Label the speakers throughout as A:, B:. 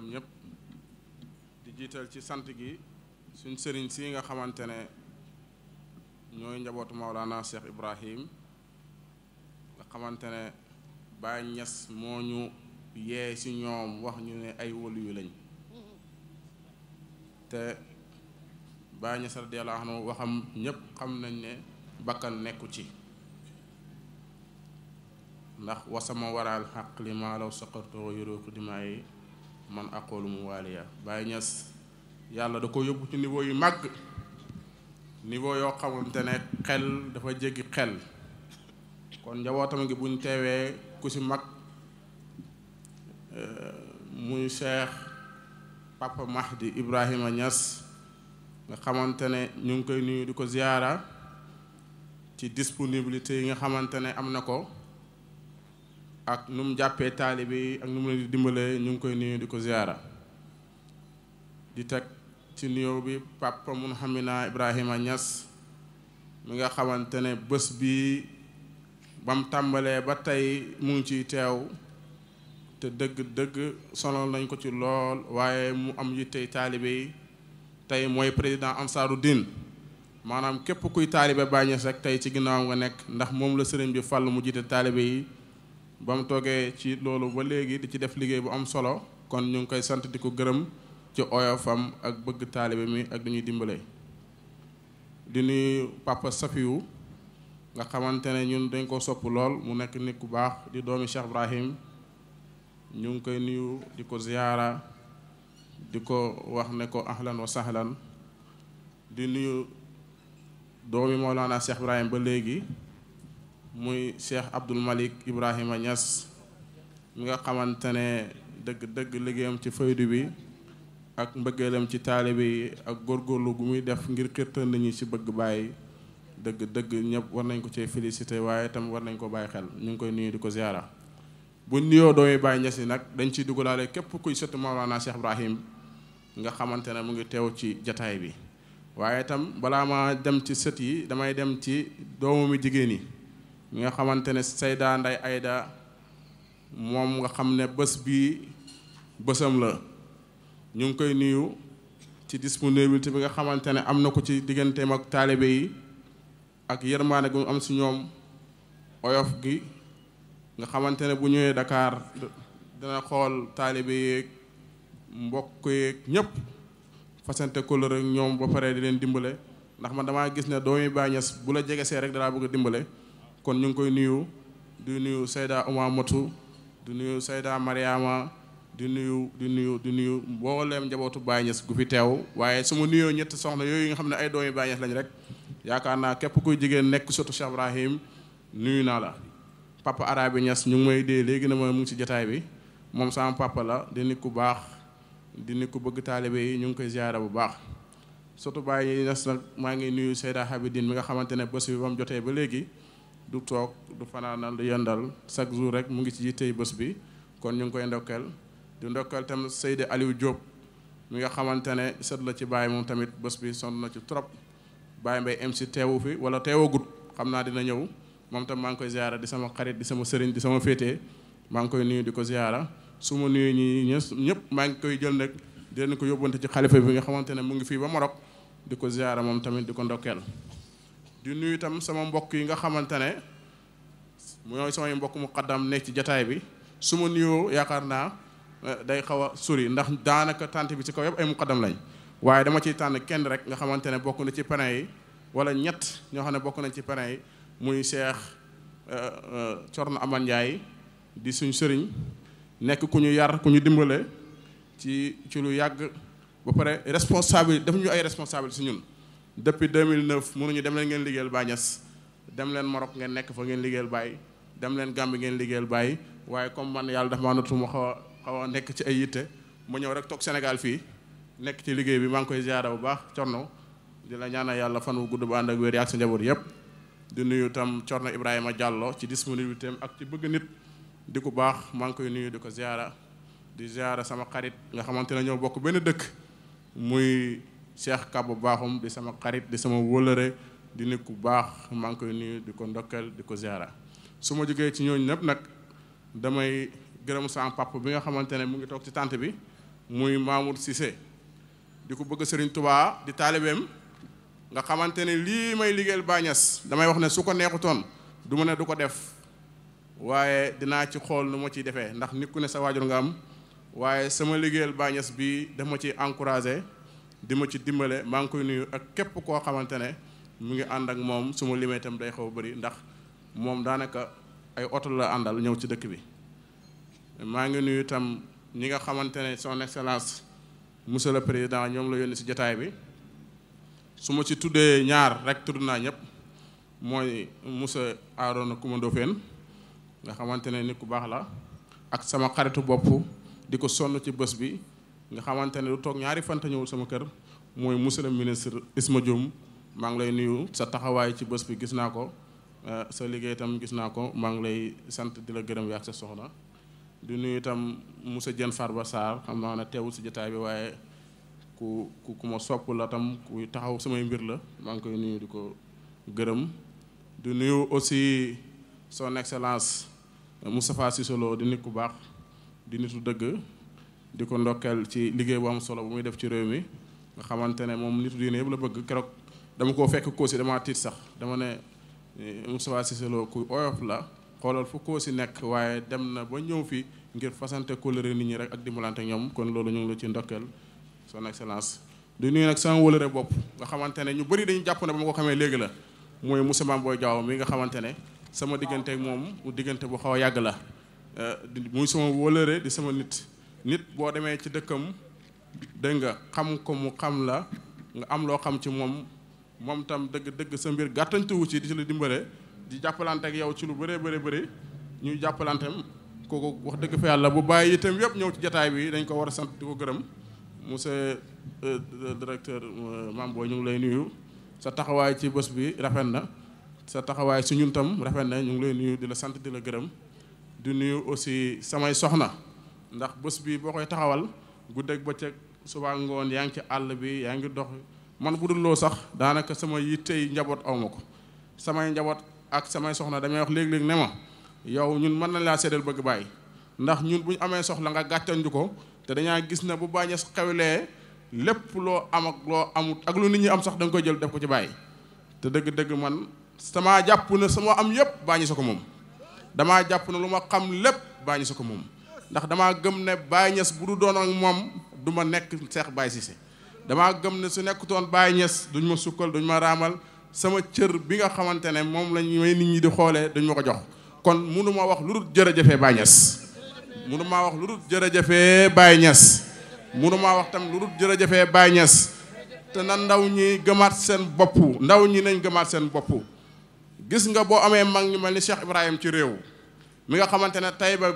A: gërëm ñëpp di jiital ci sant gi suñ sëriñ si nga xamante ne ñooy njabootu Maolana Cheikh Ibrahim nga xamante ne Baay moo ñu yee ci ñoom wax ñu ne ay wëlu yu lañ te Baay Ñas radiyallahu anhu waxam ñépp xam nañ ne bakkan nekku ci ndax wasama waral xaq li maa law saqartoo yoroo ko dimaa yi man aqoolu mu waaliya Baye Niass yàlla da ko yóbbu ci niveau yu mag niveau yoo xamante ne xel dafa jéggi xel kon njabootam gi buñ teewee ku ci mag euh, muy Cheikh Papa Mahdi Ibrahima ñas nga xamante ne ñu ngi koy nuyu du ko ziyaara ci disponibilité yi nga xamante ne am na ko ak nu mu jàppee taalibe yi ak nu mu leen di dimbalee ñu ngi koy nuyu di ko ziyaara di teg ci nuyoo bi papa mun xamina Ibrahima ñas mu nga xamante ne bés bi ba tàmbalee ba tey mu ngi ciy teew te dëgg-dëgg sonal nañ ko ci lool waaye mu am yittey taalibe yi tey mooy président Ansaaru Diin maanaam képp kuy taalibe Baay Ñas rek tey ci ginnaaw nga nekk ndax moom la sëriñ bi fàll mu jiite taalibe yi ba mu toogee ci loolu ba léegi di ci def liggéey bu am solo kon ñu ngi koy sant di ko gërëm ci oyofam ak bëgg taalibe mi ak du ñuy dimbale. di nuyu papa Safiou nga xamante ne ñun dañ koo sopp lool mu nekk nit ku baax di doomi Cheikh Ibrahim ñu ngi koy nuyu di ko ziyaara di ko wax ne ko ahlan wa sahlan di nuyu doomi Mawlana Cheikh Ibrahim ba léegi. muy Cheikh Abdoul Malick Ibrahima Niass mi nga xamante ne dëgg-dëgg liggéeyam ci faydu bi ak mbëggeelam ci taalibe yi ak góorgóorlu gu muy def ngir xirtal nit ñi ci bëgg bàyyi dëgg-dëgg ñëpp war nañ ko cee félicité waaye itam war nañ ko bàyyi xel ñu ngi koy nuyu di ko ziara bu nuyoo doomi Baye Niass yi nag dañ ciy dugalaale képp kuy sëtu Maolana Cheikh Ibrahim nga xamante ne mu ngi teew ci jataay bi waaye itam balaa ma dem ci sët yi damay dem ci doomu mi jigéen yi mi nga xamante ne Seyda Nday Ayda moom nga xam ne bës bii bésam la ñu ngi koy nuyu ci disponibilité bi nga xamante ne am na ko ci digganteem ak taalibe yi ak yërmaane gu am si ñoom oyof gi nga xamante ne bu ñëwee dakaar dana xool taalibe yeeg mbokk yeeg ñépp fasante couleur ak ñoom ba pare di leen dimbale ndax ma damaa gis ne doomi bàññees bu la jegesee rek dalaa bëgg a dimbale kon ñu ngi koy nuyu di nuyu Sayda Uma Motu di nuyu Sayda Mariama di nuyu di nuyu di nuyu mboolem njabootu Baye ñas gu fi teew waaye su ma nuyoo ñetti soxna yooyu nga xam ne ay doomi Baye Niass lañ rek yaakaar naa képp kuy jigéen nekk sotu Cheikh Ibrahim nuyu naa la papa arabi Niass ñu ngi may dee léegi na ma mu ci jotaay bi moom sama papa la di nit ku baax di nit ku bëgg taalibe yi ñu ngi koy ziyaara bu baax sotu Baye Niass nag maa ngi nuyu Sayda Habidine mi nga xamante ne bés bi ba jotee ba léegi du toog du fanaanal du yendal chaque jour rek mu ngi ci yittey bés bi kon ñu ngi koy ndokkeel di ndokkeel tamit Seydi Aliou Diop mi nga xamante ne sët la ci baay moom tamit bés bi sonn na ci trop Baye Mbaye MC teewu fi wala teewagut xam naa dina ñëw moom tam maa ngi koy ziara di sama xarit di sama sëriñ di sama féetee maa ngi koy nuyu di ko ziara su ma nuyu ñëpp maa ngi koy jël nag di ko yóbbante ci xalifa bi nga xamante ne mu ngi fii ba Maroc di ko ziara moom tamit di ko ndokkeel di nuyu itam sama mbokk yi nga xamante ne mooy samay mbokk mu xaddam nekk ci jataay bi su ma nuyoo yaakaar naa eh, day xaw a sori ndax daanaka tànt bi ci kaw yëpp ay mu xaddam lañ waaye dama ciy tànn kenn rek nga xamante ne bokk na ci parrain yi wala ñett ñoo xam ne bokk nañ ci parrain yi muy Cheikh eh, eh, Thierno Amane Ndiaye di suñ sëriñ nekk ku ñu yar ku ñu dimbale ci ci lu yàgg ba pare responsable daf ñu ay responsable si ñun depuis 2009 mënuñu dem leen ngeen liggéeyal Baay Ñas dem leen Maroc ngeen nekk fa ngeen liggéeyal Baay dem leen Gàmbi ngeen liggéeyal Baay waaye comme man yàlla dafa maa nattu ma xaw a xaw a nekk ci ay yitte ma ñëw rek toog Sénégal fii nekk ci liggéey bi maa ngi koy ziara bu baax Corno di la ñaanal yàlla fan wu gudd bu ànd ak wér ak sa njaboot yëpp di nuyu tam Corno Ibrahima Diallo ci disponibilité am ak ci bëgg nit di ko baax maa ngi koy nuyu di ko ziara di ziara sama xarit nga xamante ne ñoo bokk benn dëkk Cheikh Kaba Bakhoum di sama xarit di sama wóllëre di nit ku baax maa ngi koy nuyu di ko ndokkeel di ko ziara su ma jógee ci ñooñ ñëpp nag damay gërëm sama papa bi nga xamante ne mu ngi toog ci tànt bi muy Mamour Cissé di ko bëgg sëriñ Touba di taalibeem nga xamante ne lii may liggéeyal baañas damay wax ne su ko neexutoon du ma ne du ko def waaye dinaa ci xool nu ma ciy defee ndax nit ku ne sa waajur nga am waaye sama liggéeyal Bañas bi dama ci encouragé di ma ci dimbale maa ngi koy nuyu ak képp koo xamante ne mu ngi ànd ak moom su ma limee itam day xaw a bëri ndax moom daanaka ay oto la àndal ñëw ci dëkk bi maa ngi nuyu itam ñi nga xamante ne son excellence monsieur le président ñoom la yónni si jotaay bi su ma ci tuddee ñaar rek tudd naa ñëpp mooy monsieur Arona Coumba Ndoffène nga xamante ne nit ku baax la ak sama xaritu bopp di ko sonn ci bës bi nga xamante ne du toog ñaari fanta ñëwul sama kër mooy monsieur ministre Isma Diom maa ngi lay nuyu sa taxawaay ci bés bi gis naa ko euh, sa liggéey itam gis naa ko maa ngi lay sant di la gërëm yaak sa soxna di nuyu itam monsieur Diène Farba Sarr xam naa ne teewul si jotaay bi waaye ku ku ku ma sopp la tam kuy taxaw samay mbir la maa ngi koy nuyu di ko gërëm di nuyu aussi son excellence Moustapha Cissé di nit ku baax di nitu dëgg di ko ndokkeel ci liggéey bu am solo bu muy def ci réew mi nga xamante ne moom nitu diine yëpp la bëgg keroog dama koo fekk Kossy dama tiit sax dama ne eh, Moustapha Cissé Lo ku la xoolal fu Kossy nekk waaye dem na ba ñëw fi ngir fasante kóllëre nit ñi rek ak dimbalante ñoom kon loolu ñu la ci ndokkeel son excellence du nuyu nag sama wëlëre bopp nga xamante ne ñu bëri dañu jàpp ne xamee léegi la mooy Moussa Mame Boye Diao nga xamante ne sama diggante ak moom diggante bu xaw a yàgg la eh, muy sama wëlëre di sama nit nit boo demee ci dëkkam dégg nga xam ko mu xam la nga am loo xam ci moom moom tam dëgg dëgg sa mbir gàttantuwu ci di ci la dimbale di jàppalante ak yow ci lu bëree bëri bëri ñuy jàppalanteem kooku wax dëgg fa yàlla bu bàyyi itam yëpp ñëw ci jataay bi dañ ko war a sant di ko gërëm monsieur euh, directeur euh, Mame Boye ñu ngi lay nuyu sa taxawaay ci bés bi rafet na sa taxawaay su ñun tam rafet na ñu ngi lay nuyu di la sant di la gërëm di nuyu aussi samay soxna ndax bés bii boo koy taxawal guddeeg bëccëg subaa ngoon yaa ngi ci àll bi yaa ngi dox man bu dul loo sax daanaka sama yittey njaboot awma ko samay njaboot ak samay soxna damay wax léeg-léeg ne yow ñun mën na laa seddal bëgg bàyyi ndax ñun bu ñu amee soxla nga gàttanju ko te dañaa gis na bu bàyyi xewlee lépp loo am ak loo amut ak lu nit ñi am sax da koy jël def ko ci bàyyi te dëgg-dëgg man sama jàpp na sama am yépp bàyyi sa ko moom damaa jàpp na lu ma xam lépp bàyyi sa ko moom ndax dama gëm ne Baye Niass bu du doon ak mom duma ma nekk Cheikh Baye Cissé dama gëm ne su nekkutoon Baye duñ ma sukkal duñ ma ramal sama cër bi nga xamantene mom lañ may nit ñi di xolé duñ ma jox kon munu ma wax lu dul jërëjëfee Baye Niass munu maa wax lu dul jërëjëfee Baye Niass munu wax tam lu dul jërëjëfee Baye Niass te na ndaw ñi gëmat seen bopp ndaw ñi nañ gëmat seen bopp gis nga bo amé mag ñu melni Cheikh Ibrahim ci réew mi nga xamantene tayba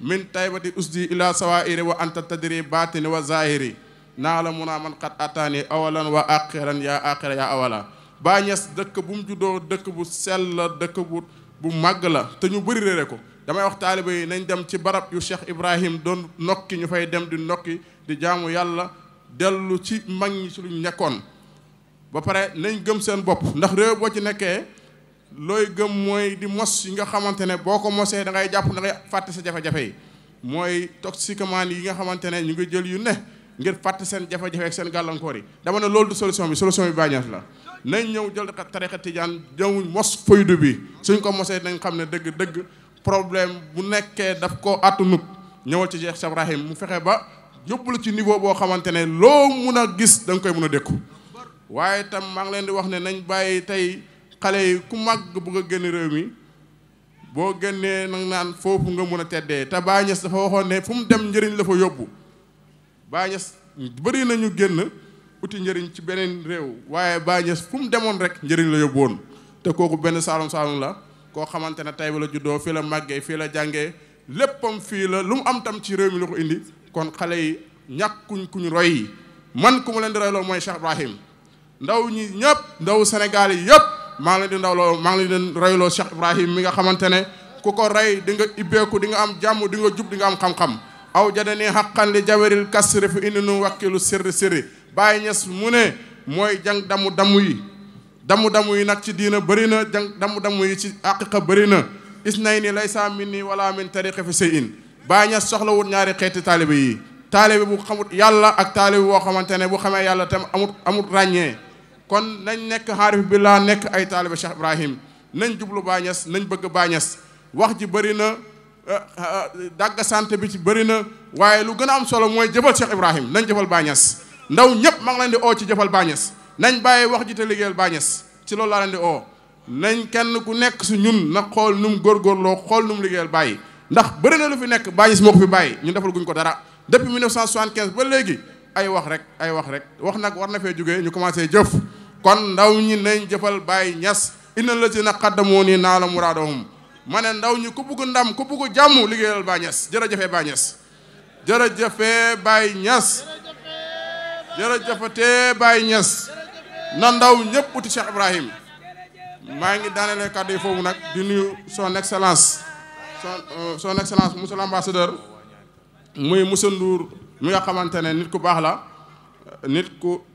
A: min taybati usdi ila sawairi wa anta tadri batini wa zahiri naalamuna man qad ataani awalan wa aqiran ya aqira ya awala Baay Ñas dëkk bu juddoo dëkk bu sell la dëkk bu bu màgg la te ñu bëri réere ko damay wax taaliba yi nañ dem ci barab yu Cheikh Ibrahim doon nokki ñu fay dem di nokki di jaamu yàlla dellu ci mag ñi ci lu ñu ba pare nañ gëm seen bopp ndax réew boo ci nekkee looy gëm mooy di mos yi nga xamante ne boo ko mosee da ngay jàpp da ngay fàtte sa jafe-jafe yi mooy toxicomane yi nga xamante ne ñu ngi jël yu ne ngir fàtte seen jafe-jafe ak seen gàllankoor yi dama ne loolu du solution bi solution bi bàñaas la nañ ñëw jël tarixa tijaan ñëw mos faydu bi suñ ko mosee dañ xam ne dëgg dëgg problème bu nekkee daf ko attunut ñëwal ci Cheikh Sabrahim mu fexe ba yóbbu ci niveau boo xamante ne loo mun a gis da koy mun a dékku waaye di wax ne nañ bàyyi tey xale yi ku màgg bëgg a génn réew mi boo génnee nag naan foofu nga mun a teddee te Baay Ñas dafa waxoon ne fu mu dem njëriñ la fa yóbbu Baay Ñas bëri nañu génn uti njëriñ ci beneen réew waaye Baay Ñas fu mu demoon rek njëriñ la yóbbu woon te kooku benn saalum saalum la koo xamante ne Tayba la juddoo fii la màggee fii la jàngee léppam fii la lu mu am tam ci réew mi la ko indi kon xale yi ñàkkuñ kuñ roy yi man ku mu leen di royloo mooy Cheikh Ibrahim ndaw ñi ñëpp ndaw Sénégal yi yëpp maa ngi di ndawloo maa ngi leen di reyloo Cheikh Ibrahim mi nga xamante ne ku ko rey di nga ibbeeku di am jàmm di jub di am xam-xam aw jadani xaqan li jaweril kasri fi indi nu wakkilu sirri sirri bàyyi ñes mu ne mooy jang damu damu yi damu damu yi nag ci diina bëri na jang damu damu yi ci aqiqa bëri na nay nii laysa min nii wala min tariqi fi sey in bàyyi soxla soxlawut ñaari xeeti taalibe yi taalibe bu xamut yàlla ak taalibe boo xamante ne bu xamee yàlla tam amut amut ràññee kon nañ nekk xaarif laa nekk ay taaliba Cheikh Ibrahim nañ jublu Baay Ñas nañ bëgg Baay Ñas wax ji bëri na eh, eh, dàgg sant bi ci bëri na waaye lu gën a am solo mooy jëfal Cheikh Ibrahim nañ jëfal Baay ndaw ñëpp ma ngi leen di oo ci jëfal Baay nañ bàyyi wax ji te liggéeyal Baay ci loolu laa leen di oo nañ kenn ku nekk si ñun na xool nu mu góorgóorloo xool nu mu liggéeyal bàyyi ndax bëri na lu fi nekk Baay Ñas moo ko fi bàyyi ñun defal guñ ko dara depuis 1975 ba léegi ay wax rek ay wax rek wax nag war na fee jógee ñu commencé jëf kon ndaw ñi nañ jëfal Baye Niass inna la si na xaddamoo nii naa la muraadahum ma ne ndaw ñi ku bugg ndam ku bugg jàmm liggéeyal Baye Niass jërëjëfee Baye Niass jërëjëfee Baye Niass jërëjëfatee Baye Niass na ndaw ñëpp uti Cheikh Ibrahim maa ngi daanelee kàddu yi foofu nag di nuyu son excellence son euh, son excellence monsieur l'ambassadeur muy Moussa Ndour mi nga xamante ne nit ku baax la nit ku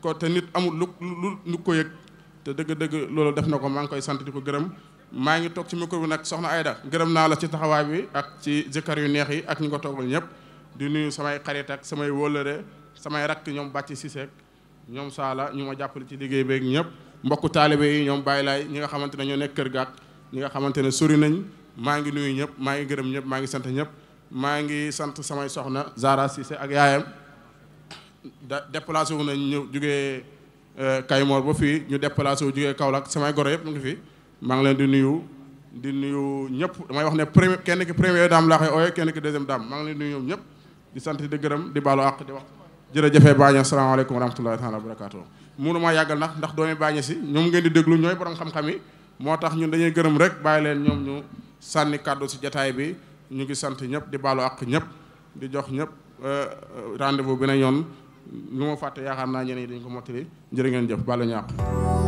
A: ko te nit amul lu lu lu ko yëg te dëgg-dëgg loolu def na ko maa ngi koy sant di ko gërëm maa ngi toog ci micro bi nag soxna Aida gërëm naa la ci taxawaay bi ak ci jëkkër yu neex yi ak ñi ko toogal ñëpp di nuyu samay xarit samay wóllëre samay rakk ñoom bàcc Cissé ñoom saala ñu ma jàppale ci liggéey beeg ñëpp mbokku taalibe yi ñoom bàyyi laay ñi nga xamante ne ñoo nekk kër gaak ñi nga xamante ne sori nañ maa ngi nuyu ñëpp maa ngi gërëm ñëpp maa ngi sant ñëpp maa ngi sant samay soxna Zara Cissé ak yaayam déplacé wu nañ ñëw jugee euh, Kaymoor ba fii ñu déplacé wu jugee Kaolack samay goro yëpp ñu ngi fi maa ngi leen di nuyu di nuyu ñëpp damay wax ne premier kenn ki première dame laa ooyee kenn ki deuxième dame maa ngi leen di nuyu ñoom ñëpp di sant di gërëm di baalu àq di wax jërëjëfee baaña asalaamaaleykum wa rahmatullahi taala wa barakatuh mënu maa yàggal nag ndax doomi baaña si ñoom ngeen di déglu ñooy borom xam-xam yi moo tax ñun dañuy gërëm rek bàyyi leen ñoom ñu sànni kàddu si jataay bi ñu ngi sant ñëpp di baalo àq ñëpp di jox ñëpp euh, rendez-vous bi na ñoon lu ma fàtte yaakaar naa ñeneen yi dañ ko mottali jërë ngeen jëf bàlla ñàq